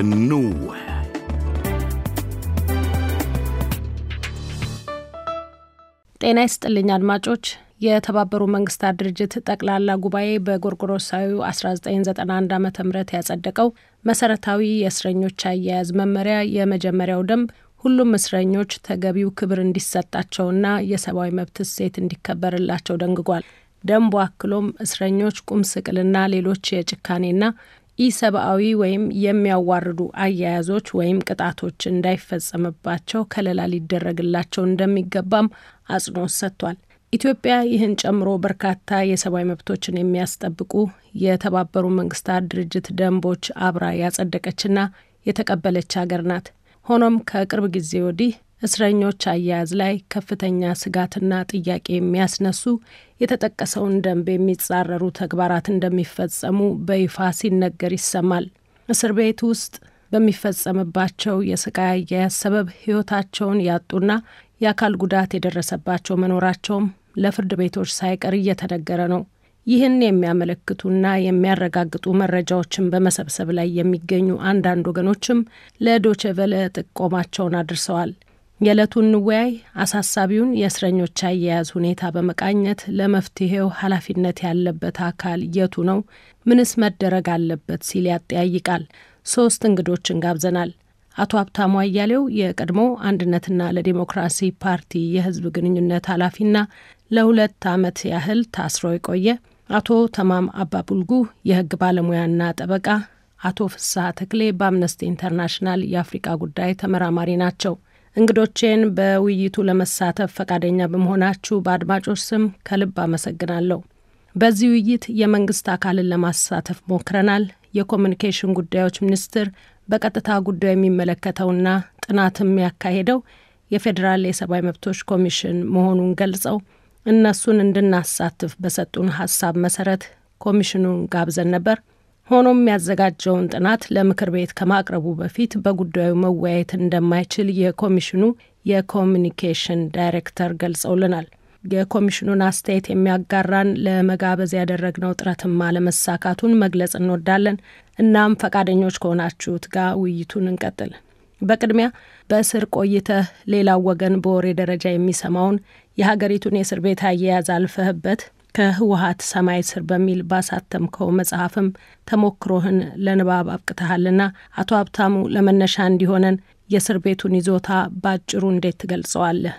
النوة ጤና ይስጥልኝ አድማጮች። የተባበሩ መንግስታት ድርጅት ጠቅላላ ጉባኤ በጎርጎሮሳዊ 1991 ዓ ም ያጸደቀው መሰረታዊ የእስረኞች አያያዝ መመሪያ የመጀመሪያው ደንብ ሁሉም እስረኞች ተገቢው ክብር እንዲሰጣቸውና የሰብአዊ መብት እሴት እንዲከበርላቸው ደንግጓል። ደንቡ አክሎም እስረኞች ቁም ስቅልና ሌሎች የጭካኔና ኢሰብአዊ ወይም የሚያዋርዱ አያያዞች ወይም ቅጣቶች እንዳይፈጸምባቸው ከለላ ሊደረግላቸው እንደሚገባም አጽንኦት ሰጥቷል። ኢትዮጵያ ይህን ጨምሮ በርካታ የሰብአዊ መብቶችን የሚያስጠብቁ የተባበሩ መንግስታት ድርጅት ደንቦች አብራ ያጸደቀችና የተቀበለች ሀገር ናት። ሆኖም ከቅርብ ጊዜ ወዲህ እስረኞች አያያዝ ላይ ከፍተኛ ስጋትና ጥያቄ የሚያስነሱ የተጠቀሰውን ደንብ የሚጻረሩ ተግባራት እንደሚፈጸሙ በይፋ ሲነገር ይሰማል። እስር ቤት ውስጥ በሚፈጸምባቸው የስቃይ አያያዝ ሰበብ ሕይወታቸውን ያጡና የአካል ጉዳት የደረሰባቸው መኖራቸውም ለፍርድ ቤቶች ሳይቀር እየተነገረ ነው። ይህን የሚያመለክቱና የሚያረጋግጡ መረጃዎችን በመሰብሰብ ላይ የሚገኙ አንዳንድ ወገኖችም ለዶቼ ቬለ ጥቆማቸውን አድርሰዋል። የዕለቱን ንወያይ አሳሳቢውን የእስረኞች አያያዝ ሁኔታ በመቃኘት ለመፍትሄው ኃላፊነት ያለበት አካል የቱ ነው? ምንስ መደረግ አለበት? ሲል ያጠያይቃል። ሶስት እንግዶችን ጋብዘናል። አቶ ሀብታሙ አያሌው የቀድሞ አንድነትና ለዲሞክራሲ ፓርቲ የህዝብ ግንኙነት ኃላፊና ለሁለት ዓመት ያህል ታስሮ የቆየ፣ አቶ ተማም አባቡልጉ የህግ ባለሙያና ጠበቃ፣ አቶ ፍስሐ ተክሌ በአምነስቲ ኢንተርናሽናል የአፍሪቃ ጉዳይ ተመራማሪ ናቸው። እንግዶቼን በውይይቱ ለመሳተፍ ፈቃደኛ በመሆናችሁ በአድማጮች ስም ከልብ አመሰግናለሁ። በዚህ ውይይት የመንግስት አካልን ለማሳተፍ ሞክረናል። የኮሚኒኬሽን ጉዳዮች ሚኒስቴር በቀጥታ ጉዳዩ የሚመለከተውና ጥናትም ያካሄደው የፌዴራል የሰብአዊ መብቶች ኮሚሽን መሆኑን ገልጸው እነሱን እንድናሳትፍ በሰጡን ሀሳብ መሰረት ኮሚሽኑን ጋብዘን ነበር። ሆኖም ያዘጋጀውን ጥናት ለምክር ቤት ከማቅረቡ በፊት በጉዳዩ መወያየት እንደማይችል የኮሚሽኑ የኮሚኒኬሽን ዳይሬክተር ገልጸውልናል። የኮሚሽኑን አስተያየት የሚያጋራን ለመጋበዝ ያደረግነው ጥረትም አለመሳካቱን መግለጽ እንወዳለን። እናም ፈቃደኞች ከሆናችሁት ጋር ውይይቱን እንቀጥል። በቅድሚያ በእስር ቆይተህ ሌላው ወገን በወሬ ደረጃ የሚሰማውን የሀገሪቱን የእስር ቤት አያያዝ አልፈህበት ከህወሀት ሰማይ ስር በሚል ባሳተምከው መጽሐፍም ተሞክሮህን ለንባብ አብቅተሃልና አቶ ሀብታሙ ለመነሻ እንዲሆነን የእስር ቤቱን ይዞታ በአጭሩ እንዴት ትገልጸዋለህ?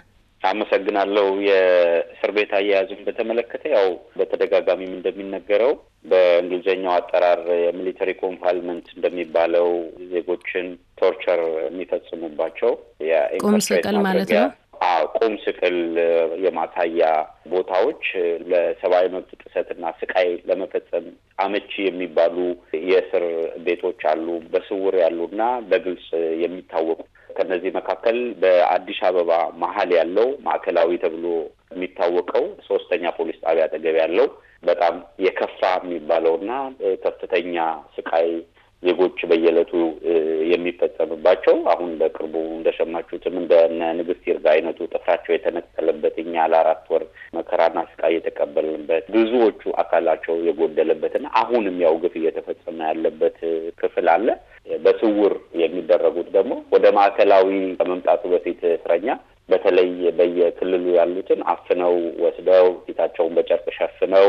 አመሰግናለሁ። የእስር ቤት አያያዝን በተመለከተ ያው በተደጋጋሚም እንደሚነገረው በእንግሊዝኛው አጠራር የሚሊተሪ ኮንፋይንመንት እንደሚባለው ዜጎችን ቶርቸር የሚፈጽሙባቸው ቁም ስቅል ማለት ነው ቁም ስቅል የማሳያ ቦታዎች ለሰብአዊ መብት ጥሰትና ስቃይ ለመፈጸም አመቺ የሚባሉ የእስር ቤቶች አሉ፣ በስውር ያሉና በግልጽ የሚታወቁ። ከነዚህ መካከል በአዲስ አበባ መሀል ያለው ማዕከላዊ ተብሎ የሚታወቀው ሶስተኛ ፖሊስ ጣቢያ አጠገብ ያለው በጣም የከፋ የሚባለውና ከፍተኛ ስቃይ ዜጎች በየዕለቱ የሚፈጸምባቸው አሁን በቅርቡ እንደሰማችሁትም እንደ ንግስት ይርጋ አይነቱ ጥፍራቸው የተነቀለበት እኛ ለአራት ወር መከራና ስቃይ የተቀበልንበት ብዙዎቹ አካላቸው የጎደለበትና አሁንም ያው ግፍ እየተፈጸመ ያለበት ክፍል አለ። በስውር የሚደረጉት ደግሞ ወደ ማዕከላዊ ከመምጣቱ በፊት እስረኛ በተለይ በየክልሉ ያሉትን አፍነው ወስደው ፊታቸውን በጨርቅ ሸፍነው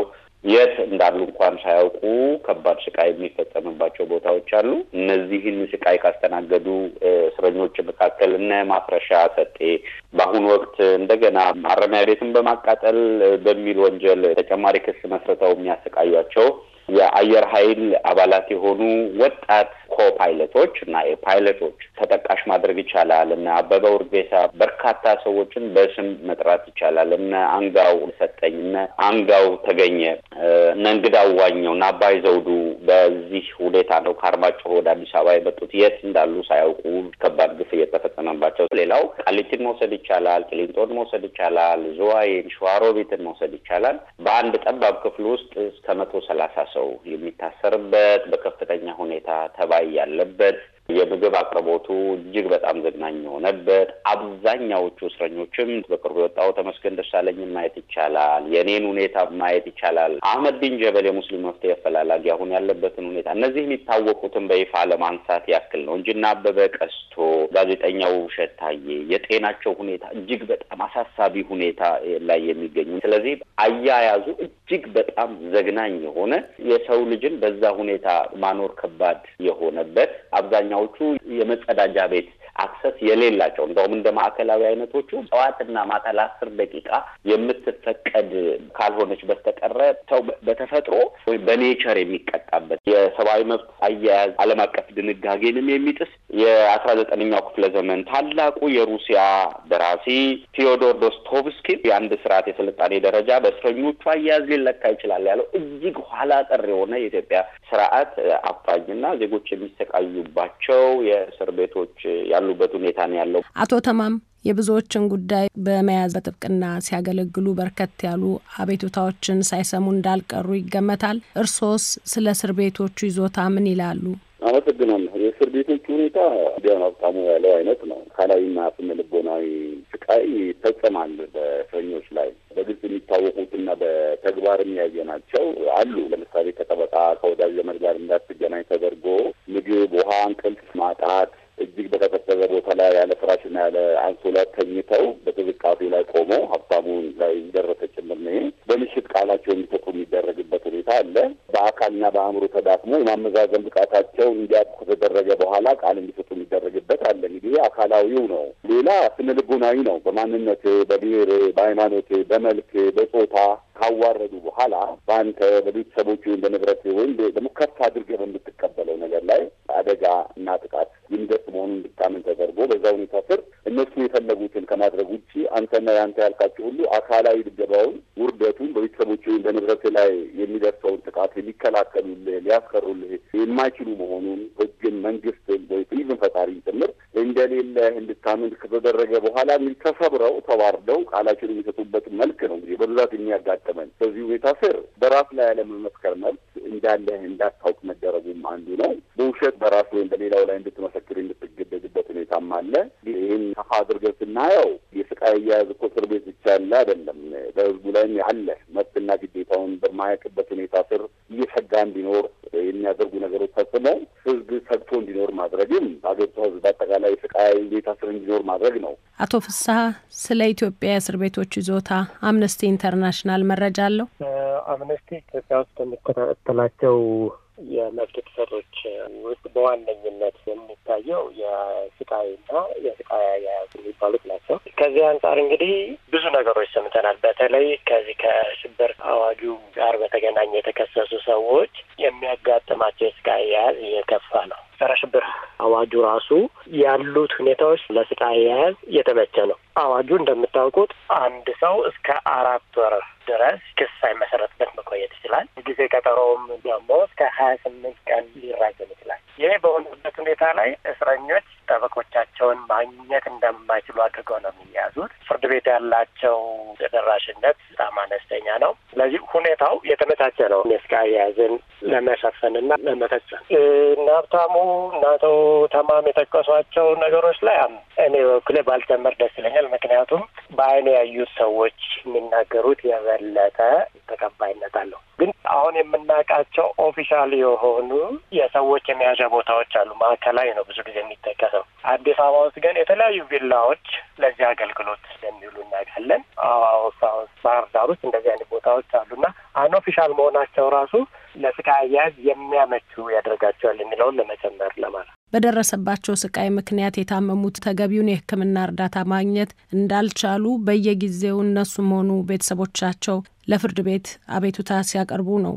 የት እንዳሉ እንኳን ሳያውቁ ከባድ ስቃይ የሚፈጸምባቸው ቦታዎች አሉ። እነዚህን ስቃይ ካስተናገዱ እስረኞች መካከል እነ ማፍረሻ ሰጤ በአሁኑ ወቅት እንደገና ማረሚያ ቤትን በማቃጠል በሚል ወንጀል ተጨማሪ ክስ መስርተው የሚያሰቃያቸው የአየር ኃይል አባላት የሆኑ ወጣት ኮፓይለቶች እና የፓይለቶች ተጠቃሽ ማድረግ ይቻላል። እነ አበበ ውርጌሳ በርካታ ሰዎችን በስም መጥራት ይቻላል። እነ አንጋው ሰጠኝ፣ እነ አንጋው ተገኘ፣ እነ እንግዳ ዋኘው እና አባይ ዘውዱ በዚህ ሁኔታ ነው ከአርማጭሆ ወደ አዲስ አበባ የመጡት የት እንዳሉ ሳያውቁ ከባድ ግፍ እየተፈጸመባቸው። ሌላው ቃሊቲን መውሰድ ይቻላል። ቂሊንጦን መውሰድ ይቻላል። ዝዋይን፣ ሸዋሮቢትን መውሰድ ይቻላል። በአንድ ጠባብ ክፍል ውስጥ እስከ መቶ ሰላሳ ሰው የሚታሰርበት በከፍተኛ ሁኔታ ተባይ ያለበት የምግብ አቅርቦቱ እጅግ በጣም ዘግናኝ የሆነበት አብዛኛዎቹ እስረኞችም በቅርቡ የወጣው ተመስገን ደሳለኝን ማየት ይቻላል። የኔን ሁኔታ ማየት ይቻላል። አህመድ ዲን ጀበል የሙስሊም መፍትሄ ያፈላላጊ አሁን ያለበትን ሁኔታ እነዚህ የሚታወቁትን በይፋ ለማንሳት ያክል ነው እንጂ እና አበበ ቀስቶ፣ ጋዜጠኛው ውብሸት ታዬ የጤናቸው ሁኔታ እጅግ በጣም አሳሳቢ ሁኔታ ላይ የሚገኙ ስለዚህ አያያዙ እጅግ በጣም ዘግናኝ የሆነ የሰው ልጅን በዛ ሁኔታ ማኖር ከባድ የሆነበት አብዛኛው አብዛኛዎቹ የመጸዳጃ ቤት አክሰስ የሌላቸው እንደውም እንደ ማዕከላዊ አይነቶቹ ጠዋትና ማታ ለአስር ደቂቃ የምትፈቀድ ካልሆነች በስተቀረ ሰው በተፈጥሮ ወይም በኔቸር የሚቀጣበት የሰብአዊ መብት አያያዝ ዓለም አቀፍ ድንጋጌንም የሚጥስ የአስራ ዘጠነኛው ክፍለ ዘመን ታላቁ የሩሲያ ደራሲ ቴዎዶር ዶስቶቭስኪ የአንድ ስርዓት የስልጣኔ ደረጃ በእስረኞቹ አያያዝ ሊለካ ይችላል ያለው እጅግ ኋላ ቀር የሆነ የኢትዮጵያ ስርዓት አፋኝና ዜጎች የሚሰቃዩባቸው የእስር ቤቶች ያሉበት ሁኔታ ነው ያለው። አቶ ተማም የብዙዎችን ጉዳይ በመያዝ በጥብቅና ሲያገለግሉ በርከት ያሉ አቤቱታዎችን ሳይሰሙ እንዳልቀሩ ይገመታል። እርሶስ ስለ እስር ቤቶቹ ይዞታ ምን ይላሉ? አመሰግናለሁ። ሁኔታ ቢሆን ሀብታሙ ያለው አይነት ነው። አካላዊና ስነ ስቃይ ይፈጸማል በእስረኞች ላይ በግልጽ የሚታወቁትና በተግባርም ያየናቸው አሉ። ለምሳሌ ከጠበቃ ከወዳጅ ዘመድ ጋር እንዳትገናኝ ተደርጎ ምግብ፣ ውሃ፣ እንቅልፍ ማጣት እጅግ በተፈጠዘ ቦታ ላይ ያለ ፍራሽና ያለ አንሶላ ተኝተው በቅዝቃዜ ላይ ቆሞ ሀብታሙ ላይ ደረሰ ጭምር ነ በምሽት ቃላቸው እንዲሰጡ የሚደረግ ሁኔታ አለ። በአካልና በአእምሮ ተዳክሞ የማመዛዘን ብቃታቸው እንዲያጡ ከተደረገ በኋላ ቃል እንዲሰጡ የሚደረግበት አለ። እንግዲህ አካላዊው ነው። ሌላ ስነልቦናዊ ነው። በማንነት፣ በብሔር፣ በሃይማኖት፣ በመልክ፣ በጾታ ካዋረዱ በኋላ በአንተ በቤተሰቦች ወይም በንብረት ወይም ደግሞ ከፍ አድርገህ በምትቀበለው ነገር ላይ አደጋ እና ጥቃት የሚደርስ መሆኑን እንድታምን ተደርጎ በዛ ሁኔታ ስር እነሱ የፈለጉትን ከማድረግ ውጭ አንተና የአንተ ያልካቸው ሁሉ አካላዊ ድብደባውን፣ ውርደቱን፣ በቤተሰቦች ወይም በንብረት ላይ የሚደርሰውን ጥቃት ሊከላከሉልህ ሊያስቀሩልህ የማይችሉ መሆኑን ህግን፣ መንግስትን ወይ ኢቭን ፈጣሪ ጭምር እንደሌለ እንድታምን ከተደረገ በኋላ ተሰብረው ተዋርደው ቃላቸውን የሚሰጡበት መልክ ነው እንግዲህ በብዛት የሚያጋጥመን። በዚህ ሁኔታ ስር በራስ ላይ ያለመመስከር መብት እንዳለህ እንዳታውቅ መደረጉም አንዱ ነው። በውሸት በራስ ወይም በሌላው ላይ እንድትመሰክር ሁኔታም አለ። ይህን ሰፋ አድርገን ስናየው የስቃይ አያያዝ እኮ እስር ቤት ብቻ ያለ አይደለም፣ በህዝቡ ላይም ያለ መብትና ግዴታውን በማያውቅበት ሁኔታ ስር እየሰጋ እንዲኖር የሚያደርጉ ነገሮች ተጽዕኖ ህዝብ ሰግቶ እንዲኖር ማድረግም አገሪቷ ህዝብ በአጠቃላይ ስቃይ ሁኔታ ስር እንዲኖር ማድረግ ነው። አቶ ፍስሀ ስለ ኢትዮጵያ የእስር ቤቶች ይዞታ አምነስቲ ኢንተርናሽናል መረጃ አለው? አምነስቲ ኢትዮጵያ ውስጥ የሚከታተላቸው የመብት ጥሰቶች ውስጥ በዋነኝነት የሚታየው ስቃይና የስቃይ አያያዝ የሚባሉት ናቸው። ከዚህ አንጻር እንግዲህ ብዙ ነገሮች ሰምተናል። በተለይ ከዚህ ከሽብር አዋጁ ጋር በተገናኘ የተከሰሱ ሰዎች የሚያጋጥማቸው የስቃይ አያያዝ እየከፋ ነው። ጸረ ሽብር አዋጁ ራሱ ያሉት ሁኔታዎች ለስቃይ አያያዝ የተመቸ ነው። አዋጁ እንደምታውቁት አንድ ሰው እስከ አራት ወር ድረስ ክስ ሳይመሰረትበት መቆየት ይችላል። ጊዜ ቀጠሮውም ደግሞ እስከ ሀያ ስምንት ቀን ሊራዘም ይችላል። ይሄ በሆነበት ሁኔታ ላይ እስረኞች ጠበቆቻቸውን ማግኘት እንደማይችሉ አድርገው ነው የሚያዙት። ፍርድ ቤት ያላቸው ተደራሽነት በጣም አነስተኛ ነው። ስለዚህ ሁኔታው የተመቻቸ ነው። ሜስቃ የያዝን ለመሸፈን እና ለመፈጸም እና ሀብታሙ እና አቶ ተማም የጠቀሷቸው ነገሮች ላይ እኔ በኩሌ ባልጨመር ደስ ይለኛል። ምክንያቱም በአይኑ ያዩት ሰዎች የሚናገሩት የበለጠ ተቀባይነት አለው። ግን አሁን የምናውቃቸው ኦፊሻል የሆኑ የሰዎች የመያዣ ቦታዎች አሉ። ማዕከላዊ ነው ብዙ ጊዜ የሚጠቀሰው። አዲስ አበባ ውስጥ ግን የተለያዩ ቪላዎች ለዚህ አገልግሎት እንደሚውሉ እናውቃለን። አዋሳ ውስጥ፣ ባህር ዳር ውስጥ እንደዚህ አይነት ቦታዎች ነገሮች አሉ እና አንኦፊሻል መሆናቸው ራሱ ለስቃይ አያያዝ የሚያመቹ ያደርጋቸዋል የሚለውን ለመጨመር ለማለት በደረሰባቸው ስቃይ ምክንያት የታመሙት ተገቢውን የሕክምና እርዳታ ማግኘት እንዳልቻሉ በየጊዜው እነሱም ሆኑ ቤተሰቦቻቸው ለፍርድ ቤት አቤቱታ ሲያቀርቡ ነው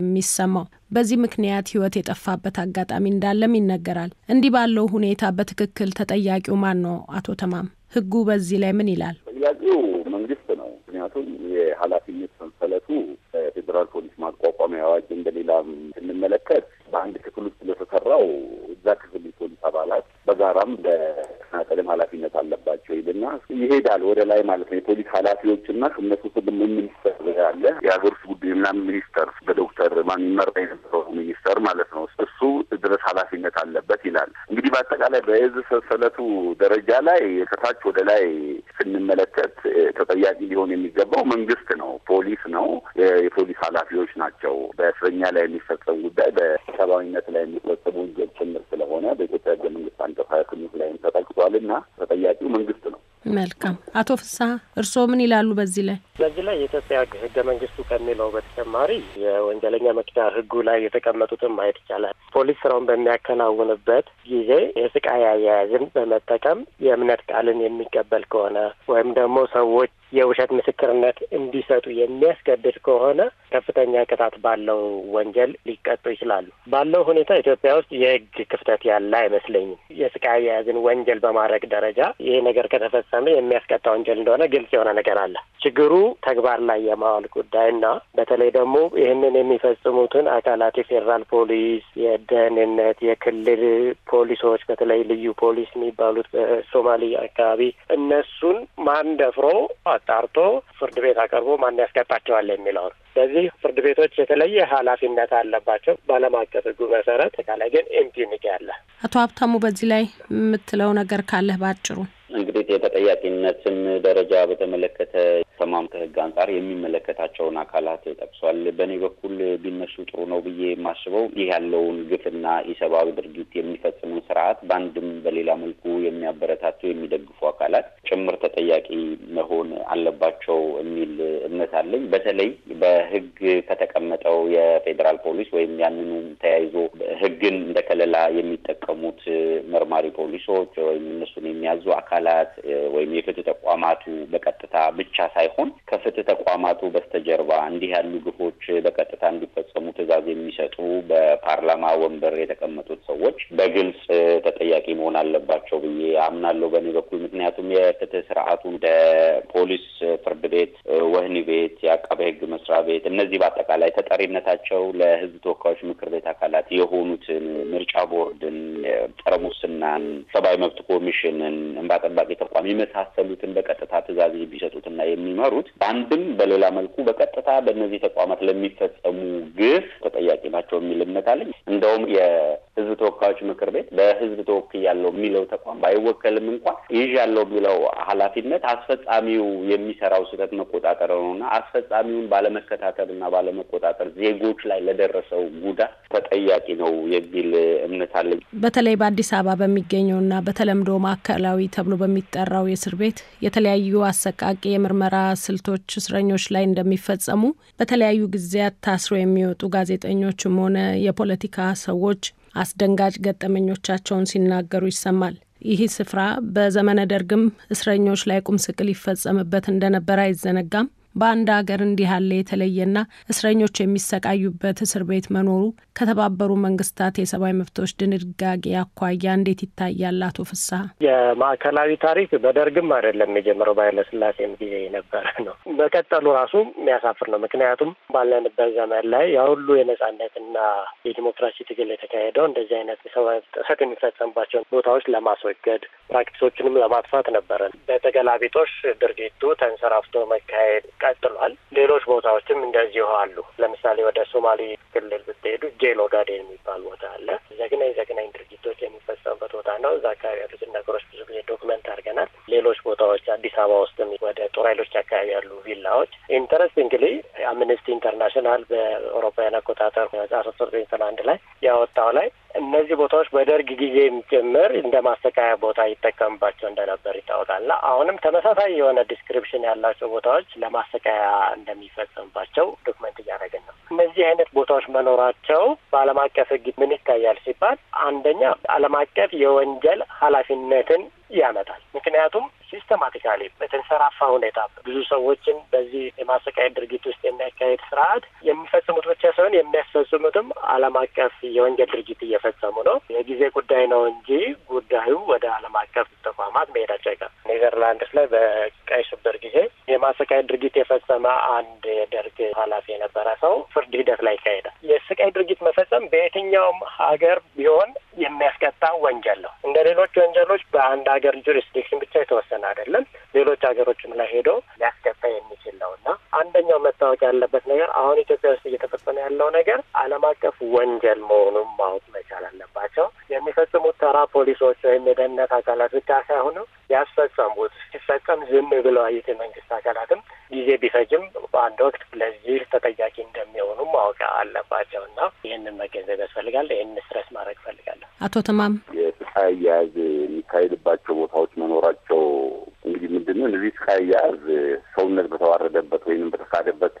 የሚሰማው። በዚህ ምክንያት ህይወት የጠፋበት አጋጣሚ እንዳለም ይነገራል። እንዲህ ባለው ሁኔታ በትክክል ተጠያቂው ማን ነው? አቶ ተማም፣ ህጉ በዚህ ላይ ምን ይላል? ተጠያቂው መንግስት ነው። ምክንያቱም የኃላፊነት ይሄዳል ወደ ላይ ማለት ነው። የፖሊስ ኃላፊዎችና እነሱ ስልም ሚኒስተር ያለ የሀገር ውስጥ ጉዳይና ሚኒስተር በዶክተር ማን ይመራ የነበረው ሚኒስተር ማለት ነው። እሱ ድረስ ኃላፊነት አለበት ይላል። እንግዲህ በአጠቃላይ በእዝ ሰንሰለቱ ደረጃ ላይ ከታች ወደ ላይ ስንመለከት ተጠያቂ ሊሆን የሚገባው መንግስት ነው፣ ፖሊስ ነው፣ የፖሊስ ኃላፊዎች ናቸው። በእስረኛ ላይ የሚሰጥ መልካም። አቶ ፍስሐ እርስዎ ምን ይላሉ በዚህ ላይ? በነገራችን ላይ የኢትዮጵያ ህገ መንግስቱ ከሚለው በተጨማሪ የወንጀለኛ መቅጫ ህጉ ላይ የተቀመጡትን ማየት ይቻላል። ፖሊስ ስራውን በሚያከናውንበት ጊዜ የስቃይ አያያዝን በመጠቀም የእምነት ቃልን የሚቀበል ከሆነ ወይም ደግሞ ሰዎች የውሸት ምስክርነት እንዲሰጡ የሚያስገድድ ከሆነ ከፍተኛ ቅጣት ባለው ወንጀል ሊቀጡ ይችላሉ። ባለው ሁኔታ ኢትዮጵያ ውስጥ የህግ ክፍተት ያለ አይመስለኝም። የስቃይ አያያዝን ወንጀል በማድረግ ደረጃ ይሄ ነገር ከተፈጸመ የሚያስቀጣ ወንጀል እንደሆነ ግልጽ የሆነ ነገር አለ። ችግሩ ተግባር ላይ የማዋል ጉዳይ እና በተለይ ደግሞ ይህንን የሚፈጽሙትን አካላት የፌዴራል ፖሊስ፣ የደህንነት፣ የክልል ፖሊሶች በተለይ ልዩ ፖሊስ የሚባሉት በሶማሌ አካባቢ እነሱን ማን ደፍሮ አጣርቶ ፍርድ ቤት አቀርቦ ማን ያስቀጣቸዋል የሚለውን በዚህ ፍርድ ቤቶች የተለየ ኃላፊነት አለባቸው በዓለም አቀፍ ሕጉ መሰረት። ተቃላይ ግን ኢምፒኒቲ አለ። አቶ ሀብታሙ በዚህ ላይ የምትለው ነገር ካለህ በአጭሩ? እንግዲህ የተጠያቂነትን ደረጃ በተመለከተ ተማም ከህግ አንጻር የሚመለከታቸውን አካላት ጠቅሷል። በእኔ በኩል ቢነሱ ጥሩ ነው ብዬ የማስበው ይህ ያለውን ግፍና ኢሰብአዊ ድርጊት የሚፈጽሙን ስርዓት በአንድም በሌላ መልኩ የሚያበረታቱ የሚደግፉ አካላት ጭምር ተጠያቂ መሆን አለባቸው የሚል እምነት አለኝ። በተለይ በህግ ከተቀመጠው የፌዴራል ፖሊስ ወይም ያንኑ ተያይዞ ህግን እንደ ከለላ የሚጠቀሙት መርማሪ ፖሊሶች ወይም እነሱን የሚያዙ አካል አካላት ወይም የፍትህ ተቋማቱ በቀጥታ ብቻ ሳይሆን ከፍትህ ተቋማቱ በስተጀርባ እንዲህ ያሉ ግፎች በቀጥታ እንዲፈጸሙ ትዕዛዝ የሚሰጡ በፓርላማ ወንበር የተቀመጡት ሰዎች በግልጽ ተጠያቂ መሆን አለባቸው ብዬ አምናለሁ በእኔ በኩል። ምክንያቱም የፍትህ ስርዓቱ እንደ ፖሊስ፣ ፍርድ ቤት፣ ወህኒ ቤት፣ የአቃቤ ህግ መስሪያ ቤት እነዚህ በአጠቃላይ ተጠሪነታቸው ለህዝብ ተወካዮች ምክር ቤት አካላት የሆኑትን ምርጫ ቦርድን፣ ጸረ ሙስናን፣ ሰብአዊ መብት ኮሚሽንን፣ እንባ ጠባቂ ተቋም የመሳሰሉትን በቀጥታ ትዕዛዝ የሚሰጡትና የሚመሩት በአንድም በሌላ መልኩ በቀጥታ በእነዚህ ተቋማት ለሚፈጸሙ ግፍ ተጠያቂ ናቸው የሚል እምነት አለኝ። እንደውም ህዝብ ተወካዮች ምክር ቤት በህዝብ ያለው የሚለው ተቋም ባይወከልም እንኳን ያለው የሚለው ኃላፊነት አስፈጻሚው የሚሰራው ስህተት መቆጣጠር ነው እና አስፈጻሚውን ባለመከታተል እና ባለመቆጣጠር ዜጎች ላይ ለደረሰው ጉዳት ተጠያቂ ነው የሚል እምነት አለኝ። በተለይ በአዲስ አበባ በሚገኘው እና በተለምዶ ማዕከላዊ ተብሎ በሚጠራው የእስር ቤት የተለያዩ አሰቃቂ የምርመራ ስልቶች እስረኞች ላይ እንደሚፈጸሙ በተለያዩ ጊዜያት ታስሮ የሚወጡ ጋዜጠኞችም ሆነ የፖለቲካ ሰዎች አስደንጋጭ ገጠመኞቻቸውን ሲናገሩ ይሰማል። ይህ ስፍራ በዘመነ ደርግም እስረኞች ላይ ቁምስቅል ይፈጸምበት እንደነበር አይዘነጋም። በአንድ ሀገር እንዲህ ያለ የተለየና እስረኞች የሚሰቃዩበት እስር ቤት መኖሩ ከተባበሩ መንግስታት የሰብአዊ መብቶች ድንጋጌ አኳያ እንዴት ይታያል? አቶ ፍስሀ የማዕከላዊ ታሪክ በደርግም አይደለም የጀመረው በኃይለስላሴም ጊዜ የነበረ ነው። በቀጠሉ ራሱ የሚያሳፍር ነው። ምክንያቱም ባለንበት ዘመን ላይ ያሁሉ የነጻነትና የዲሞክራሲ ትግል የተካሄደው እንደዚህ አይነት የሰብአዊ ጥሰት የሚፈጸምባቸውን ቦታዎች ለማስወገድ ፕራክቲሶችንም ለማጥፋት ነበረ። በተገላቢጦሽ ድርጊቱ ተንሰራፍቶ መካሄድ ቀጥሏል። ሌሎች ቦታዎችም እንደዚሁ አሉ። ለምሳሌ ወደ ሶማሌ ክልል ብትሄዱ ጄሎ ጋዴ የሚባል ቦታ አለ። ዘግናኝ ዘግናኝ ድርጊቶች የሚፈጸሙበት ቦታ ነው። እዛ አካባቢ ያሉትን ነገሮች ብዙ ጊዜ ዶክመንት አድርገናል። ሌሎች ቦታዎች አዲስ አበባ ውስጥም ወደ ጦር ኃይሎች አካባቢ ያሉ ቪላዎች ኢንተረስት እንግዲህ አምነስቲ ኢንተርናሽናል በአውሮፓውያን አቆጣጠር አስራ ዘጠኝ ዘጠና አንድ ላይ ያወጣው ላይ እነዚህ ቦታዎች በደርግ ጊዜ ጭምር እንደ ማሰቃያ ቦታ ይጠቀምባቸው እንደነበር ይታወቃል። ይታወቃልና አሁንም ተመሳሳይ የሆነ ዲስክሪፕሽን ያላቸው ቦታዎች ለማሰቃያ እንደሚፈጸምባቸው ዶክመንት እያደረገ እነዚህ አይነት ቦታዎች መኖራቸው በዓለም አቀፍ ሕግ ምን ይታያል ሲባል አንደኛ ዓለም አቀፍ የወንጀል ኃላፊነትን ያመጣል። ምክንያቱም ሲስተማቲካሊ በተንሰራፋ ሁኔታ ብዙ ሰዎችን በዚህ የማሰቃየት ድርጊት ውስጥ የሚያካሄድ ስርዓት የሚፈጽሙት ብቻ ሳይሆን የሚያስፈጽሙትም ዓለም አቀፍ የወንጀል ድርጊት እየፈጸሙ ነው። የጊዜ ጉዳይ ነው እንጂ ጉዳዩ ወደ ዓለም አቀፍ ተቋማት መሄዳቸው አይቀርም። ኔዘርላንድስ ላይ በቀይ ሽብር ጊዜ የማሰቃየት ድርጊት የፈጸመ አንድ የደርግ ኃላፊ የነበረ ሰው ፍርድ ሂደት ላይ ይካሄዳል። የስቃይ ድርጊት መፈጸም በየትኛውም ሀገር ቢሆን የሚያስቀጣ ወንጀል ነው። እንደ ሌሎች ወንጀሎች በአንድ ሀገር ጁሪስዲክሽን ብቻ የተወሰነ አይደለም። ሌሎች ሀገሮችም ላይ ሄዶ ሊያስቀጣ የሚችል ነው እና አንደኛው መታወቅ ያለበት ነገር አሁን ኢትዮጵያ ውስጥ እየተፈጸመ ያለው ነገር ዓለም አቀፍ ወንጀል መሆኑን ማወቅ መቻል አለባቸው። የሚፈጽሙት ተራ ፖሊሶች ወይም የደህንነት አካላት ብቻ ሳይሆኑ ያስፈጸሙት ሲፈጸም ዝም ብለው ያዩት የመንግስት አካላትም ጊዜ ቢፈጅም በአንድ ወቅት ለዚህ ተጠያቂ እንደሚሆኑ ማወቅ አለባቸው እና ይህንን መገንዘብ ያስፈልጋል። ይህን ስትረስ ማድረግ አቶ ተማም የስቃይ አያያዝ የሚካሄድባቸው ቦታዎች መኖራቸው እንግዲህ ምንድን ነው እነዚህ ስቃይ አያያዝ ሰውነት በተዋረደበት ወይንም በተካደበት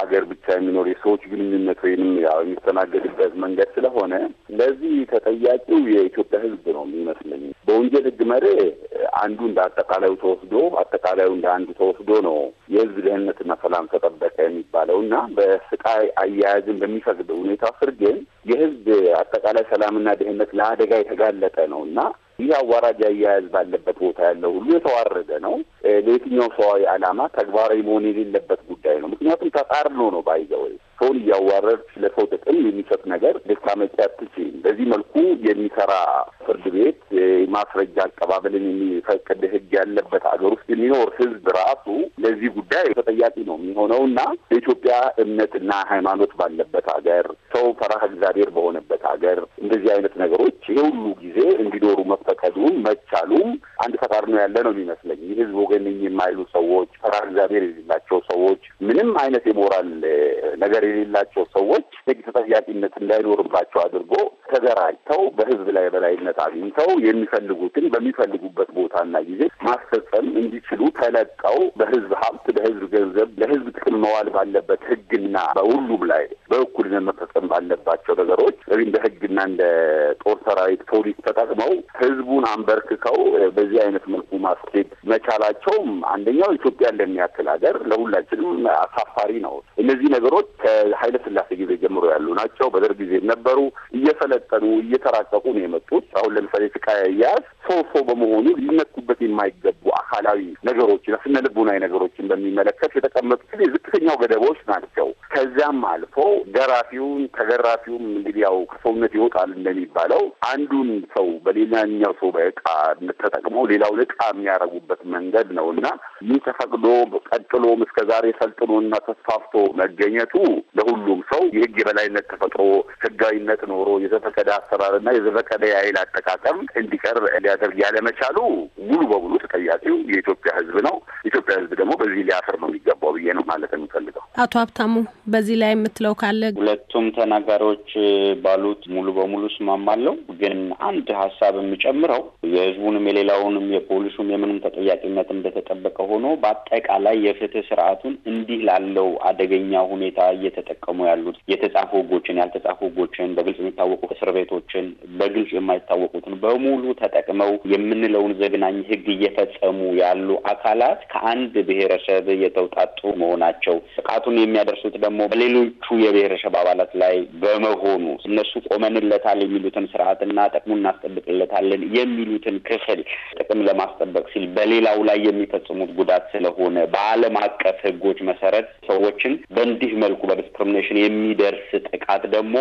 አገር ብቻ የሚኖር የሰዎች ግንኙነት ወይንም ያው የሚስተናገድበት መንገድ ስለሆነ ለዚህ ተጠያቂው የኢትዮጵያ ሕዝብ ነው የሚመስለኝ። በወንጀል ሕግ መርህ አንዱ እንደ አጠቃላዩ ተወስዶ አጠቃላዩ እንደ አንዱ ተወስዶ ነው የህዝብ ደህንነትና ሰላም ተጠበቀ የሚባለው እና በስቃይ አያያዝን በሚፈቅድ ሁኔታ ስር ግን የህዝብ አጠቃላይ ሰላምና ደህንነት ለአደጋ የተጋለጠ ነው እና ይህ አዋራጅ አያያዝ ባለበት ቦታ ያለው ሁሉ የተዋረደ ነው። ለየትኛው ሰዋዊ ዓላማ ተግባራዊ መሆን የሌለበት ጉዳይ ነው። ምክንያቱም ተጣርሎ ነው ባይዘወይ ሰውን እያዋረድ ለሰው ጥቅም የሚሰጥ ነገር ልታመጪ አትችይም። በዚህ መልኩ የሚሰራ ፍርድ ቤት ማስረጃ አቀባበልን የሚፈቅድ ህግ ያለበት ሀገር ውስጥ የሚኖር ህዝብ ራሱ ለዚህ ጉዳይ ተጠያቂ ነው የሚሆነው እና በኢትዮጵያ እምነትና ሃይማኖት ባለበት ሀገር፣ ሰው ፈራህ እግዚአብሔር በሆነበት ሀገር እንደዚህ አይነት ነገሮች ይሄ ሁሉ ጊዜ እንዲኖሩ መፈቀዱን መቼ ቢባሉም አንድ ተቃርኖ ያለ ነው የሚመስለኝ። የህዝብ ወገንኝ የማይሉ ሰዎች፣ ፈራር እግዚአብሔር የሌላቸው ሰዎች፣ ምንም አይነት የሞራል ነገር የሌላቸው ሰዎች ህግ ተጠያቂነት እንዳይኖርባቸው አድርጎ ተደራጅተው በህዝብ ላይ በላይነት አግኝተው የሚፈልጉትን በሚፈልጉበት ቦታና ጊዜ ማስፈጸም እንዲችሉ ተለቀው በህዝብ ሀብት፣ በህዝብ ገንዘብ ለህዝብ ጥቅም መዋል ባለበት ህግና በሁሉም ላይ በእኩል በቅድሚያ መፈጸም ባለባቸው ነገሮች ለዚህ እንደ ህግና እንደ ጦር ሰራዊት ፖሊስ ተጠቅመው ህዝቡን አንበርክከው በዚህ አይነት መልኩ ማስኬድ መቻላቸውም አንደኛው ኢትዮጵያ እንደሚያክል ሀገር ለሁላችንም አሳፋሪ ነው። እነዚህ ነገሮች ከኃይለ ስላሴ ጊዜ ጀምሮ ያሉ ናቸው። በደርግ ጊዜ ነበሩ። እየሰለጠኑ እየተራቀቁ ነው የመጡት። አሁን ለምሳሌ ስቃይ አያያዝ ሰው ሰው በመሆኑ ሊነኩበት የማይገቡ አካላዊ ነገሮች፣ ስነ ልቡናዊ ነገሮችን በሚመለከት የተቀመጡ ጊዜ ዝቅተኛው ገደቦች ናቸው። ከዚያም አልፎ ገራ ዘራፊውም ተገራፊውም እንግዲህ ያው ከሰውነት ይወጣል እንደሚባለው አንዱን ሰው በሌላኛው ሰው በእቃ ተጠቅመው ሌላው እቃ የሚያረጉበት መንገድ ነው እና ይህ ተፈቅዶ ቀጥሎም እስከ ሰልጥኖ ሰልጥኖና ተስፋፍቶ መገኘቱ ለሁሉም ሰው የህግ የበላይነት ተፈጥሮ ህጋዊነት ኖሮ የዘፈቀደ አሰራርና የዘፈቀደ የኃይል አጠቃቀም እንዲቀርብ ሊያደርግ ያለመቻሉ ሙሉ በሙሉ ተጠያቂው የኢትዮጵያ ህዝብ ነው። ኢትዮጵያ ህዝብ ደግሞ በዚህ ሊያፍር ነው የሚገባው ብዬ ነው ማለት የሚፈልገው። አቶ ሀብታሙ በዚህ ላይ የምትለው ካለ ሁለቱም ተናጋሪዎች ባሉት ሙሉ በሙሉ እስማማለሁ። ግን አንድ ሀሳብ የምጨምረው የህዝቡንም የሌላውንም የፖሊሱም የምንም ተጠያቂነት እንደተጠበቀ ሆኖ በአጠቃላይ የፍትህ ስርዓቱን እንዲህ ላለው አደገኛ ሁኔታ እየተጠቀሙ ያሉት የተጻፉ ህጎችን፣ ያልተጻፉ ህጎችን፣ በግልጽ የሚታወቁ እስር ቤቶችን፣ በግልጽ የማይታወቁትን በሙሉ ተጠቅመው የምንለውን ዘግናኝ ህግ እየፈጸሙ ያሉ አካላት ከአንድ ብሔረሰብ የተውጣጡ መሆናቸው ጥቃቱን የሚያደርሱት ደግሞ በሌሎቹ የብሔረሰብ አባላት ላይ በመሆኑ እነሱ ቆመንለታል የሚሉትን ስርዓትና ጥቅሙ እናስጠብቅለታለን የሚሉትን ክፍል ጥቅም ለማስጠበቅ ሲል በሌላው ላይ የሚፈጽሙት ጉዳት ስለሆነ በዓለም አቀፍ ህጎች መሰረት ሰዎችን በእንዲህ መልኩ በዲስክሪሚኔሽን የሚደርስ ጥቃት ደግሞ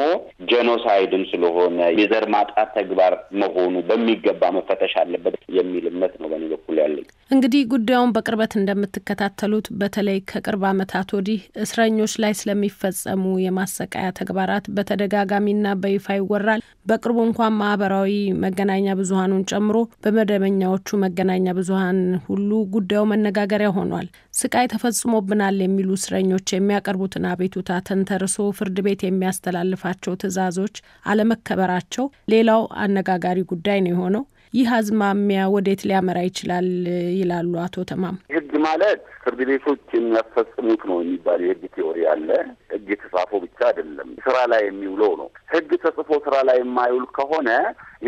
ጄኖሳይድን ስለሆነ የዘር ማጣት ተግባር መሆኑ በሚገባ መፈተሽ አለበት የሚል እምነት ነው በእኔ በኩል ያለኝ። እንግዲህ ጉዳዩን በቅርበት እንደምትከታተሉት በተለይ ከቅርብ ዓመታት ወዲህ እስረኞች ላይ ስለሚፈጸሙ የማሰቃያ ተግባራት በተደጋጋሚና በይፋ ይወራል። በቅርቡ እንኳን ማህበራዊ መገናኛ ብዙሀኑን ጨምሮ በመደበኛዎቹ መገናኛ ብዙሀን ሁሉ ጉዳዩ መነጋገሪያ ሆኗል። ስቃይ ተፈጽሞብናል የሚሉ እስረኞች የሚያቀርቡትን አቤቱታ ተንተርሶ ፍርድ ቤት የሚያስተላልፋቸው ትዕዛዞች አለመከበራቸው ሌላው አነጋጋሪ ጉዳይ ነው የሆነው። ይህ አዝማሚያ ወዴት ሊያመራ ይችላል ይላሉ አቶ ተማም? ህግ ማለት ፍርድ ቤቶች የሚያስፈጽሙት ነው የሚባል የህግ ቴዎሪ አለ። ህግ የተጻፎ ብቻ አይደለም፣ ስራ ላይ የሚውለው ነው። ህግ ተጽፎ ስራ ላይ የማይውል ከሆነ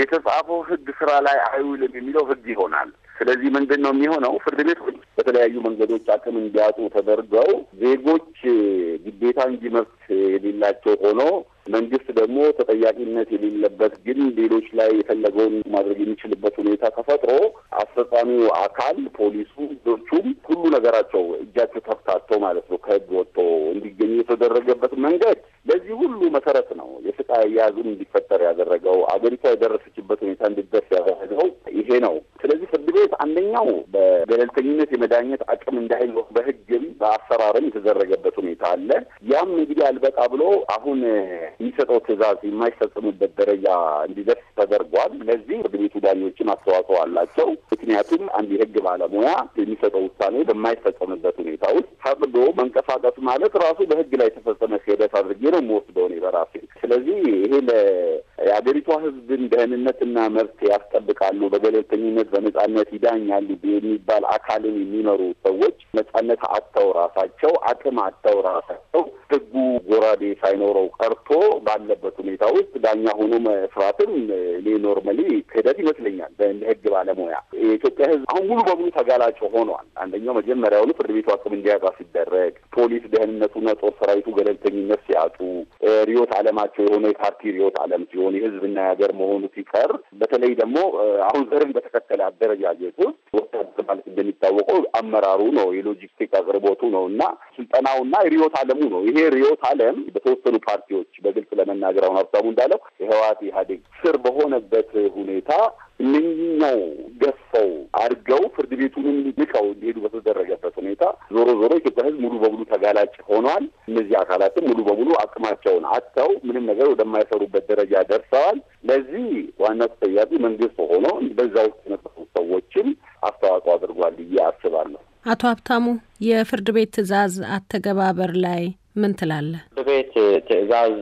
የተጻፈው ህግ ስራ ላይ አይውልም የሚለው ህግ ይሆናል። ስለዚህ ምንድን ነው የሚሆነው? ፍርድ ቤቶች በተለያዩ መንገዶች አቅም እንዲያጡ ተደርገው ዜጎች ግዴታ እንጂ መብት የሌላቸው ሆኖ መንግስት ደግሞ ተጠያቂነት የሌለበት ግን ሌሎች ላይ የፈለገውን ማድረግ የሚችልበት ሁኔታ ተፈጥሮ አስፈጻሚው አካል ፖሊሱ፣ ዶቹም ሁሉ ነገራቸው እጃቸው ተፍታቶ ማለት ነው ከህግ ወጥቶ እንዲገኙ የተደረገበት መንገድ ለዚህ ሁሉ መሰረት ነው። የስቃይ አያያዙን እንዲፈጠር ያደረገው አገሪቷ የደረሰችበት ሁኔታ እንዲደርስ ያደረገው ይሄ ነው። ስለዚህ ፍርድ ቤት አንደኛው በገለልተኝነት የመዳኘት አቅም እንዳይኖር በህግም በአሰራርም የተደረገበት ሁኔታ አለ። ያም እንግዲህ አልበቃ ብሎ አሁን የሚሰጠው ትዕዛዝ የማይፈጸሙበት ደረጃ እንዲደርስ ተደርጓል። ለዚህ ፍርድ ቤቱ ዳኞችም አስተዋጽኦ አላቸው። ምክንያቱም አንድ የህግ ባለሙያ የሚሰጠው ውሳኔ በማይፈጸምበት ሁኔታ ውስጥ ፈርዶ መንቀሳቀሱ ማለት ራሱ በህግ ላይ የተፈጸመ ክህደት አድርጌ ነው የምወስደውን በራሴ ስለዚህ ይሄ የአገሪቷ ህዝብን ደህንነትና መብት ያስጠብቃሉ፣ በገለልተኝነት በነጻነት ይዳኛሉ የሚባል አካልን የሚመሩ ሰዎች ነጻነት አጥተው ራሳቸው አቅም አጥተው ራሳቸው ህጉ ጎራዴ ሳይኖረው ቀርቶ ባለበት ሁኔታ ውስጥ ዳኛ ሆኖ መስራትም እኔ ኖርማሊ ክህደት ይመስለኛል። በእንደ ባለሙያ የኢትዮጵያ ህዝብ አሁን ሙሉ በሙሉ ተጋላጭ ሆኗል። አንደኛው መጀመሪያውኑ ፍርድ ቤቱ አቅም እንዲያጣ ሲደረግ፣ ፖሊስ ደህንነቱና ጦር ሰራዊቱ ገለልተኝነት ሲያጡ፣ ሪዮት አለማቸው የሆነ የፓርቲ ሪዮት አለም ሲሆን መሆን የህዝብና የሀገር መሆኑ ሲቀር በተለይ ደግሞ አሁን ዘርን በተከተለ አደረጃጀት ውስጥ ወታደር ማለት እንደሚታወቀው አመራሩ ነው፣ የሎጂስቲክ አቅርቦቱ ነው እና ስልጠናውና ሪዮት አለሙ ነው። ይሄ ሪዮት አለም በተወሰኑ ፓርቲዎች በግልጽ ለመናገር አሁን ሀሳቡ እንዳለው የህወሓት ኢህአዴግ ስር በሆነበት ሁኔታ እነኛው ገፈው አድርገው ፍርድ ቤቱንም ልቀው እንዲሄዱ በተደረገ ሁኔታ ዞሮ ዞሮ ኢትዮጵያ ህዝብ ሙሉ በሙሉ ተጋላጭ ሆኗል። እነዚህ አካላትም ሙሉ በሙሉ አቅማቸውን አጥተው ምንም ነገር ወደማይሰሩበት ደረጃ ደርሰዋል። ለዚህ ዋና ተጠያቂ መንግስት ሆኖ በዛ ውስጥ የነበሩ ሰዎችም አስተዋጽኦ አድርጓል ብዬ አስባለሁ። አቶ ሀብታሙ የፍርድ ቤት ትዕዛዝ አተገባበር ላይ ምን ትላለህ? ፍርድ ቤት ትዕዛዝ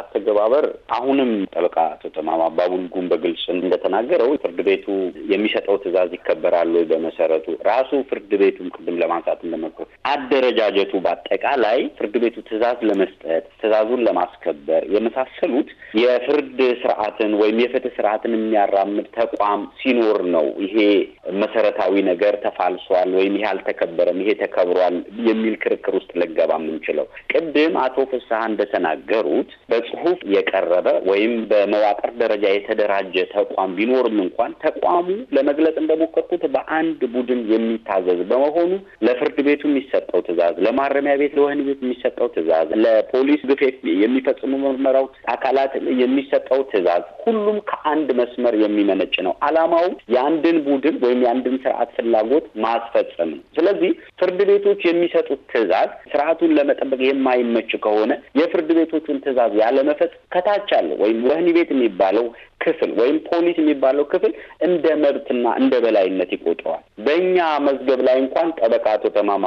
አተገባበር አሁንም ጠበቃ አቶ ተማም አባቡልጉም በግልጽ እንደተናገረው ፍርድ ቤቱ የሚሰጠው ትዕዛዝ ይከበራል ወይ? በመሰረቱ ራሱ ፍርድ ቤቱም ቅድም ለማንሳት እንደመኮ አደረጃጀቱ በአጠቃላይ ፍርድ ቤቱ ትዕዛዝ ለመስጠት ትዕዛዙን ለማስከበር የመሳሰሉት የፍርድ ስርዓትን ወይም የፍትህ ስርዓትን የሚያራምድ ተቋም ሲኖር ነው ይሄ መሰረታዊ ነገር ተፋልሷል ወይም ይሄ አልተከበረም፣ ይሄ ተከብሯል የሚል ክርክር ውስጥ ልንገባ የምንችለው። ቅድም አቶ ፍስሀ እንደተናገሩት በጽሁፍ የቀረበ ወይም በመዋቅር ደረጃ የተደራጀ ተቋም ቢኖርም እንኳን ተቋሙ ለመግለጽ እንደሞከርኩት በአንድ ቡድን የሚታዘዝ በመሆኑ ለፍርድ ቤቱ የሚሰጠው ትእዛዝ፣ ለማረሚያ ቤት ለወህኒ ቤት የሚሰጠው ትእዛዝ፣ ለፖሊስ ግፌት የሚፈጽሙ ምርመራው አካላት የሚሰጠው ትዕዛዝ ሁሉም ከአንድ መስመር የሚመነጭ ነው። አላማው የአንድን ቡድን ወይም የአንድም ስርዓት ፍላጎት ማስፈጸም ነው። ስለዚህ ፍርድ ቤቶች የሚሰጡት ትዕዛዝ ስርዓቱን ለመጠበቅ የማይመች ከሆነ የፍርድ ቤቶቹን ትዕዛዝ ያለመፈጽ ከታች አለ ወይም ወህኒ ቤት የሚባለው ክፍል ወይም ፖሊስ የሚባለው ክፍል እንደ መብትና እንደ በላይነት ይቆጠዋል። በእኛ መዝገብ ላይ እንኳን ጠበቃ አቶ ተማም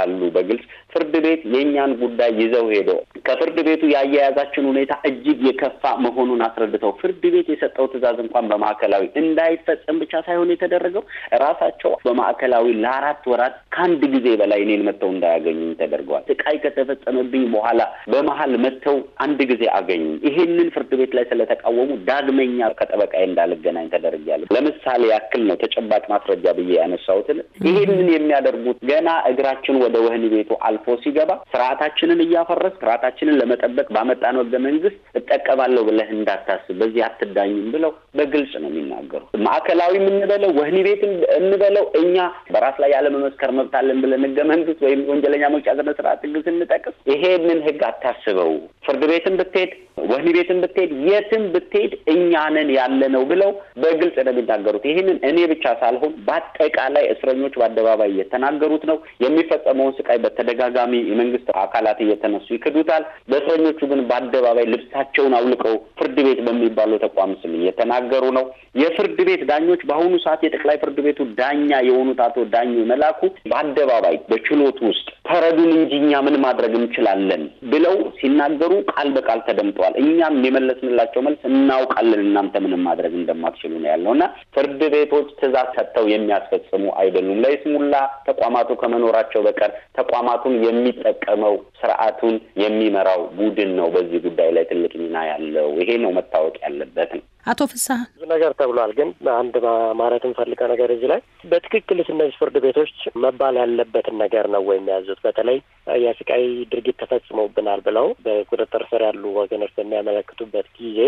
አሉ። በግልጽ ፍርድ ቤት የእኛን ጉዳይ ይዘው ሄደው ከፍርድ ቤቱ ያያያዛችን ሁኔታ እጅግ የከፋ መሆኑን አስረድተው ፍርድ ቤት የሰጠው ትዕዛዝ እንኳን በማዕከላዊ እንዳይፈጸም ብቻ ሳይሆን የተደረገው ራሳቸው በማዕከላዊ ለአራት ወራት ከአንድ ጊዜ በላይ እኔን መጥተው እንዳያገኙኝ ተደርገዋል። ስቃይ ከተፈጸመብኝ በኋላ በመሀል መጥተው አንድ ጊዜ አገኙኝ። ይሄንን ፍርድ ቤት ላይ ስለተቃወሙ ዳ ዳግመኛ ከጠበቃዬ እንዳልገናኝ ተደርጊያለሁ። ለምሳሌ ያክል ነው ተጨባጭ ማስረጃ ብዬ ያነሳሁትን። ይህንን የሚያደርጉት ገና እግራችን ወደ ወህኒ ቤቱ አልፎ ሲገባ ስርዓታችንን እያፈረስ ስርዓታችንን ለመጠበቅ ባመጣነው ህገ መንግስት እጠቀማለሁ ብለህ እንዳታስብ፣ በዚህ አትዳኝም ብለው በግልጽ ነው የሚናገሩ። ማዕከላዊ የምንበለው ወህኒ ቤት እንበለው እኛ በራስ ላይ ያለመመስከር መብት አለን ብለን ህገ መንግስት ወይም ወንጀለኛ መቅጫ ስነ ስርዓት ህግ ስንጠቅስ ይሄንን ህግ አታስበው። ፍርድ ቤትም ብትሄድ ወህኒ ቤትም ብትሄድ የትም ብትሄድ እኛንን ያለነው ብለው በግልጽ ነው የሚናገሩት። ይህንን እኔ ብቻ ሳልሆን በአጠቃላይ እስረኞች በአደባባይ እየተናገሩት ነው። የሚፈጸመውን ስቃይ በተደጋጋሚ የመንግስት አካላት እየተነሱ ይክዱታል። በእስረኞቹ ግን በአደባባይ ልብሳቸውን አውልቀው ፍርድ ቤት በሚባለው ተቋም ስም እየተናገሩ ነው። የፍርድ ቤት ዳኞች በአሁኑ ሰዓት የጠቅላይ ፍርድ ቤቱ ዳኛ የሆኑት አቶ ዳኙ መላኩ በአደባባይ በችሎት ውስጥ ፈረዱን እንጂ እኛ ምን ማድረግ እንችላለን ብለው ሲናገሩ ቃል በቃል ተደምጠዋል። እኛም የመለስንላቸው መልስ እናውቅ እናውቃለን እናንተ ምንም ማድረግ እንደማትችሉ ነው ያለው እና ፍርድ ቤቶች ትእዛዝ ሰጥተው የሚያስፈጽሙ አይደሉም። ለይስሙላ ተቋማቱ ከመኖራቸው በቀር ተቋማቱን የሚጠቀመው ስርዓቱን የሚመራው ቡድን ነው በዚህ ጉዳይ ላይ ትልቅ ሚና ያለው። ይሄ ነው መታወቅ ያለበት ነው። አቶ ፍስሀ ነገር ተብሏል። ግን አንድ ማለት የምፈልገው ነገር እዚህ ላይ በትክክልስ እነዚህ ፍርድ ቤቶች መባል ያለበትን ነገር ነው ወይም የሚያዙት? በተለይ የስቃይ ድርጊት ተፈጽሞብናል ብለው በቁጥጥር ስር ያሉ ወገኖች በሚያመለክቱበት ጊዜ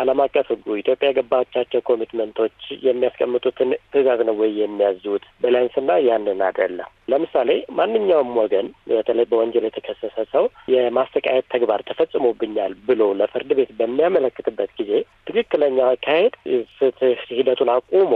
ዓለም አቀፍ ሕጉ ኢትዮጵያ የገባቻቸው ኮሚትመንቶች የሚያስቀምጡትን ትዕዛዝ ነው ወይ የሚያዙት? ብለንስና ያንን አይደለም። ለምሳሌ ማንኛውም ወገን በተለይ በወንጀል የተከሰሰ ሰው የማሰቃየት ተግባር ተፈጽሞብኛል ብሎ ለፍርድ ቤት በሚያመለክትበት ጊዜ ትክክለኛ አካሄድ ፍትህ ሂደቱን አቁሞ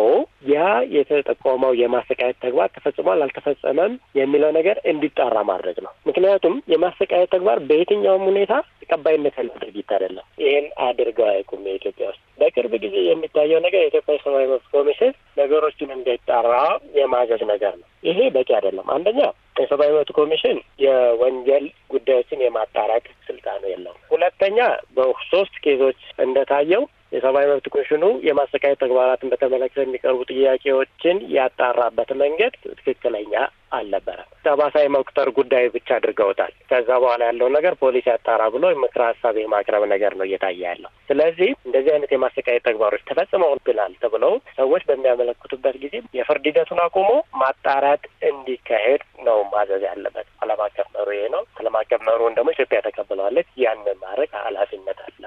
ያ የተጠቆመው የማሰቃየት ተግባር ተፈጽሟል አልተፈጸመም የሚለው ነገር እንዲጣራ ማድረግ ነው። ምክንያቱም የማሰቃየት ተግባር በየትኛውም ሁኔታ ተቀባይነት ያለው ድርጊት አይደለም። ይህን አድርገው አይቁም። የኢትዮጵያ ውስጥ በቅርብ ጊዜ የሚታየው ነገር የኢትዮጵያ ሰብአዊ መብት ኮሚሽን ነገሮችን እንዲጣራ የማዘዝ ነገር ነው። ይሄ በቂ አይደለም። አንደኛ የሰብአዊ መብት ኮሚሽን የወንጀል ጉዳዮችን የማጣራቅ ስልጣኑ የለውም። ሁለተኛ በሶስት ኬዞች እንደታየው የሰብአዊ መብት ኮሚሽኑ የማሰቃየት ተግባራትን በተመለከተ የሚቀርቡ ጥያቄዎችን ያጣራበት መንገድ ትክክለኛ አልነበረም። ጠባሳ የመቁጠር ጉዳይ ብቻ አድርገውታል። ከዛ በኋላ ያለው ነገር ፖሊስ ያጣራ ብሎ ምክረ ሀሳብ የማቅረብ ነገር ነው እየታየ ያለው። ስለዚህ እንደዚህ አይነት የማሰቃየት ተግባሮች ተፈጽመውብናል ተብለው ሰዎች በሚያመለክቱበት ጊዜ የፍርድ ሂደቱን አቁሞ ማጣራት እንዲካሄድ ነው ማዘዝ ያለበት። ዓለም አቀፍ መሩ ይሄ ነው። ዓለም አቀፍ መሩን ደግሞ ኢትዮጵያ ተቀብለዋለች። ያንን ማድረግ ኃላፊነት አለ።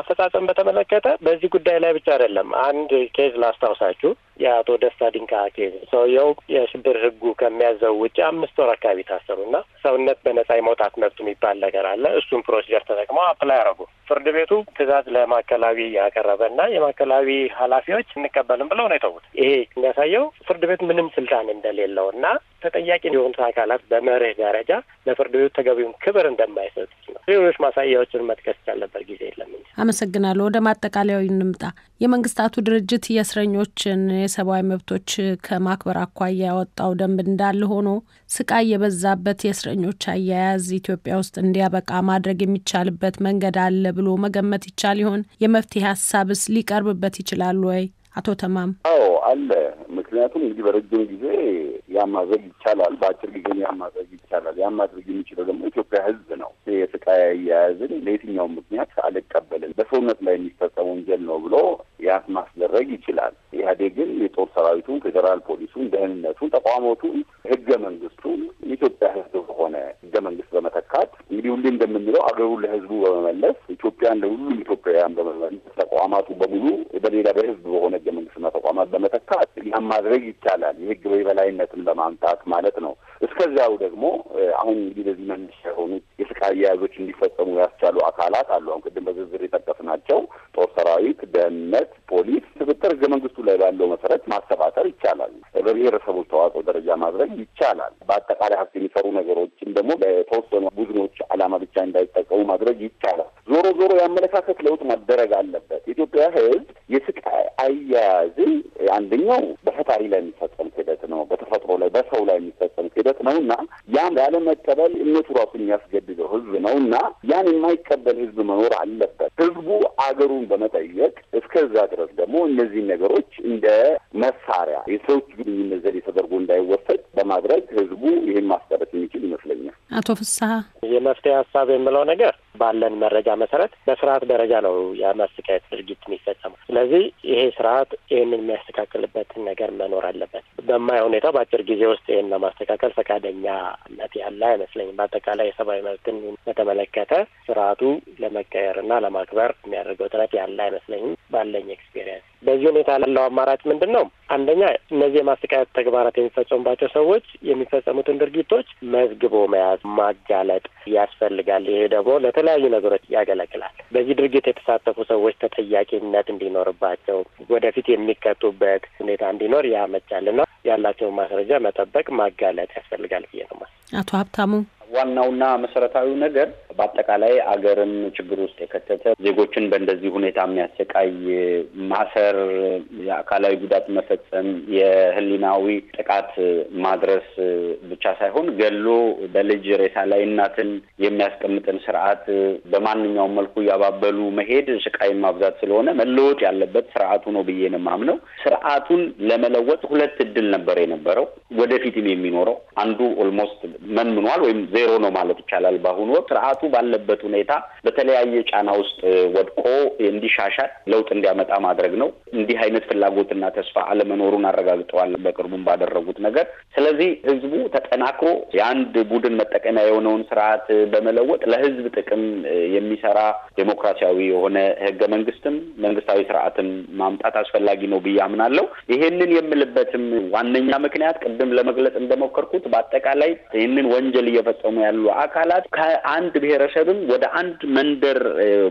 አፈጻጸም በተመለከተ በዚህ ጉዳይ ላይ ብቻ አይደለም። አንድ ኬዝ ላስታውሳችሁ፣ የአቶ ደስታ ዲንካ ኬዝ። ሰውየው የሽብር ህጉ ከሚያዘው ውጭ አምስት ወር አካባቢ ታሰሩና ሰውነት በነጻ የመውጣት መብቱ የሚባል ነገር አለ። እሱን ፕሮሲጀር ተጠቅመው አፕላይ አረጉ። ፍርድ ቤቱ ትዕዛዝ ለማዕከላዊ ያቀረበና የማዕከላዊ ኃላፊዎች እንቀበልም ብለው ነው የተዉት። ይሄ የሚያሳየው ፍርድ ቤት ምንም ስልጣን እንደሌለው እና ተጠያቂ የሆኑት አካላት በመርህ ደረጃ ለፍርድ ቤቱ ተገቢውን ክብር እንደማይሰጥ ነው። ሌሎች ማሳያዎችን መጥቀስ ያለበት ጊዜ የለም። አመሰግናለሁ። ወደ ማጠቃለያው እንምጣ። የመንግስታቱ ድርጅት የእስረኞችን የሰብአዊ መብቶች ከማክበር አኳያ ያወጣው ደንብ እንዳለ ሆኖ ስቃይ የበዛበት የእስረኞች አያያዝ ኢትዮጵያ ውስጥ እንዲያበቃ ማድረግ የሚቻልበት መንገድ አለ ብሎ መገመት ይቻል ይሆን? የመፍትሄ ሀሳብስ ሊቀርብበት ይችላል ወይ? አቶ ተማም አዎ አለ ምክንያቱም እንግዲህ በረጅም ጊዜ ያን ማድረግ ይቻላል፣ በአጭር ጊዜ ያን ማድረግ ይቻላል። ያን ማድረግ የሚችለው ደግሞ ኢትዮጵያ ሕዝብ ነው። የስቃይ አያያዝን ለየትኛውም ምክንያት አልቀበልም፣ በሰውነት ላይ የሚፈጸም ወንጀል ነው ብሎ ያት ማስደረግ ይችላል። ኢህአዴግን፣ የጦር ሰራዊቱን፣ ፌዴራል ፖሊሱን፣ ደህንነቱን፣ ተቋሞቱን፣ ህገ መንግስቱን የኢትዮጵያ ሕዝብ ሆነ ህገ መንግስት በመተካት እንግዲህ ሁሌ እንደምንለው አገሩን ለህዝቡ በመመለስ ኢትዮጵያን ለሁሉም ኢትዮጵያውያን በመመለስ ተቋማቱ በሙሉ በሌላ በህዝብ በሆነ ህገ መንግስትና ተቋማት በመተካት ያም ማድረግ ይቻላል። የህግ የበላይነትን በማምጣት ማለት ነው። እስከዚያው ደግሞ አሁን እንግዲህ በዚህ መነሻ የሆኑት የስቃይ አያያዞች እንዲፈጸሙ ያስቻሉ አካላት አሉ። አሁን ቅድም በዝርዝር የጠቀስናቸው ጦር ሰራዊት፣ ደህንነት፣ ፖሊስ ስብጥር ህገ መንግስቱ ላይ ባለው መሰረት ማሰባሰር ይቻላል። በብሔረሰቦች ተዋጽኦ ደረጃ ማድረግ ይቻላል። በአጠቃላይ ሀብት የሚሰሩ ነገሮችን ደግሞ ለተወሰኑ ቡድኖች አላማ ብቻ እንዳይጠቀሙ ማድረግ ይቻላል። ዞሮ ዞሮ የአመለካከት ለውጥ መደረግ አለበት። የኢትዮጵያ ሕዝብ የስቃይ አያያዝን አንደኛው በፈጣሪ ላይ የሚፈጸም ክህደት ነው፣ በተፈጥሮ ላይ በሰው ላይ የሚፈጸም ሂደት ነው እና ያም ያለመቀበል እምነቱ ራሱ የሚያስገድደው ሕዝብ ነው እና ያን የማይቀበል ሕዝብ መኖር አለበት። ሕዝቡ አገሩን በመጠየቅ እስከዛ አቶ ፍስሀ የመፍትሄ ሀሳብ የምለው ነገር ባለን መረጃ መሰረት በስርዓት ደረጃ ነው የማሰቃየት ድርጊት የሚፈጸመው። ስለዚህ ይሄ ስርዓት ይህንን የሚያስተካክልበትን ነገር መኖር አለበት። በማይ ሁኔታ በአጭር ጊዜ ውስጥ ይህን ለማስተካከል ፈቃደኛነት ያለ አይመስለኝም። በአጠቃላይ የሰብአዊ መብትን በተመለከተ ስርዓቱ ለመቀየርና ለማክበር የሚያደርገው ጥረት ያለ አይመስለኝም ባለኝ ኤክስፔሪንስ በዚህ ሁኔታ ያለው አማራጭ ምንድን ነው? አንደኛ እነዚህ የማሰቃየት ተግባራት የሚፈጸሙባቸው ሰዎች የሚፈጸሙትን ድርጊቶች መዝግቦ መያዝ ማጋለጥ ያስፈልጋል። ይሄ ደግሞ ለተለያዩ ነገሮች ያገለግላል። በዚህ ድርጊት የተሳተፉ ሰዎች ተጠያቂነት እንዲኖርባቸው ወደፊት የሚቀጡበት ሁኔታ እንዲኖር ያመቻልና ያላቸውን ማስረጃ መጠበቅ ማጋለጥ ያስፈልጋል ብዬ ነው። አቶ ሀብታሙ ዋናውና መሰረታዊው ነገር በአጠቃላይ አገርን ችግር ውስጥ የከተተ ዜጎችን በእንደዚህ ሁኔታ የሚያሰቃይ ማሰር፣ የአካላዊ ጉዳት መፈጸም፣ የህሊናዊ ጥቃት ማድረስ ብቻ ሳይሆን ገሎ በልጅ ሬሳ ላይ እናትን የሚያስቀምጥን ስርዓት በማንኛውም መልኩ እያባበሉ መሄድ ስቃይን ማብዛት ስለሆነ መለወጥ ያለበት ስርዓቱ ነው ብዬ ነው የማምነው። ስርዓቱን ለመለወጥ ሁለት እድል ነበር የነበረው፣ ወደፊትም የሚኖረው አንዱ ኦልሞስት መንምኗል ወይም ዜሮ ነው ማለት ይቻላል። በአሁኑ ወቅት ስርዓቱ ባለበት ሁኔታ በተለያየ ጫና ውስጥ ወድቆ እንዲሻሻል ለውጥ እንዲያመጣ ማድረግ ነው። እንዲህ አይነት ፍላጎትና ተስፋ አለመኖሩን አረጋግጠዋል በቅርቡም ባደረጉት ነገር። ስለዚህ ህዝቡ ተጠናክሮ የአንድ ቡድን መጠቀሚያ የሆነውን ስርዓት በመለወጥ ለህዝብ ጥቅም የሚሰራ ዴሞክራሲያዊ የሆነ ህገ መንግስትም መንግስታዊ ስርዓትም ማምጣት አስፈላጊ ነው ብዬ አምናለሁ። ይሄንን የምልበትም ዋነኛ ምክንያት ቅድም ለመግለጽ እንደሞከርኩት በአጠቃላይ ይህንን ወንጀል እየፈጸ እያጋጠሙ ያሉ አካላት ከአንድ ብሔረሰብም ወደ አንድ መንደር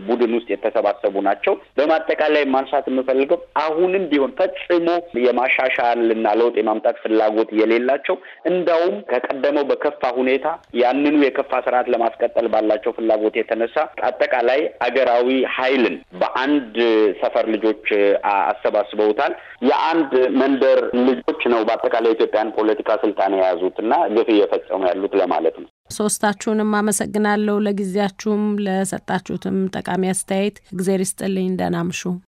ቡድን ውስጥ የተሰባሰቡ ናቸው። በማጠቃላይ ማንሳት የምፈልገው አሁንም ቢሆን ፈጽሞ የማሻሻል እና ለውጥ የማምጣት ፍላጎት የሌላቸው እንዳውም ከቀደመው በከፋ ሁኔታ ያንኑ የከፋ ስርዓት ለማስቀጠል ባላቸው ፍላጎት የተነሳ አጠቃላይ አገራዊ ኃይልን በአንድ ሰፈር ልጆች አሰባስበውታል። የአንድ መንደር ልጆች ነው በአጠቃላይ የኢትዮጵያን ፖለቲካ ስልጣን የያዙት እና ግፍ እየፈጸሙ ያሉት ለማለት ነው። ሶስታችሁንም አመሰግናለሁ። ለጊዜያችሁም ለሰጣችሁትም ጠቃሚ አስተያየት እግዜር ይስጥልኝ። ደህና አምሹ።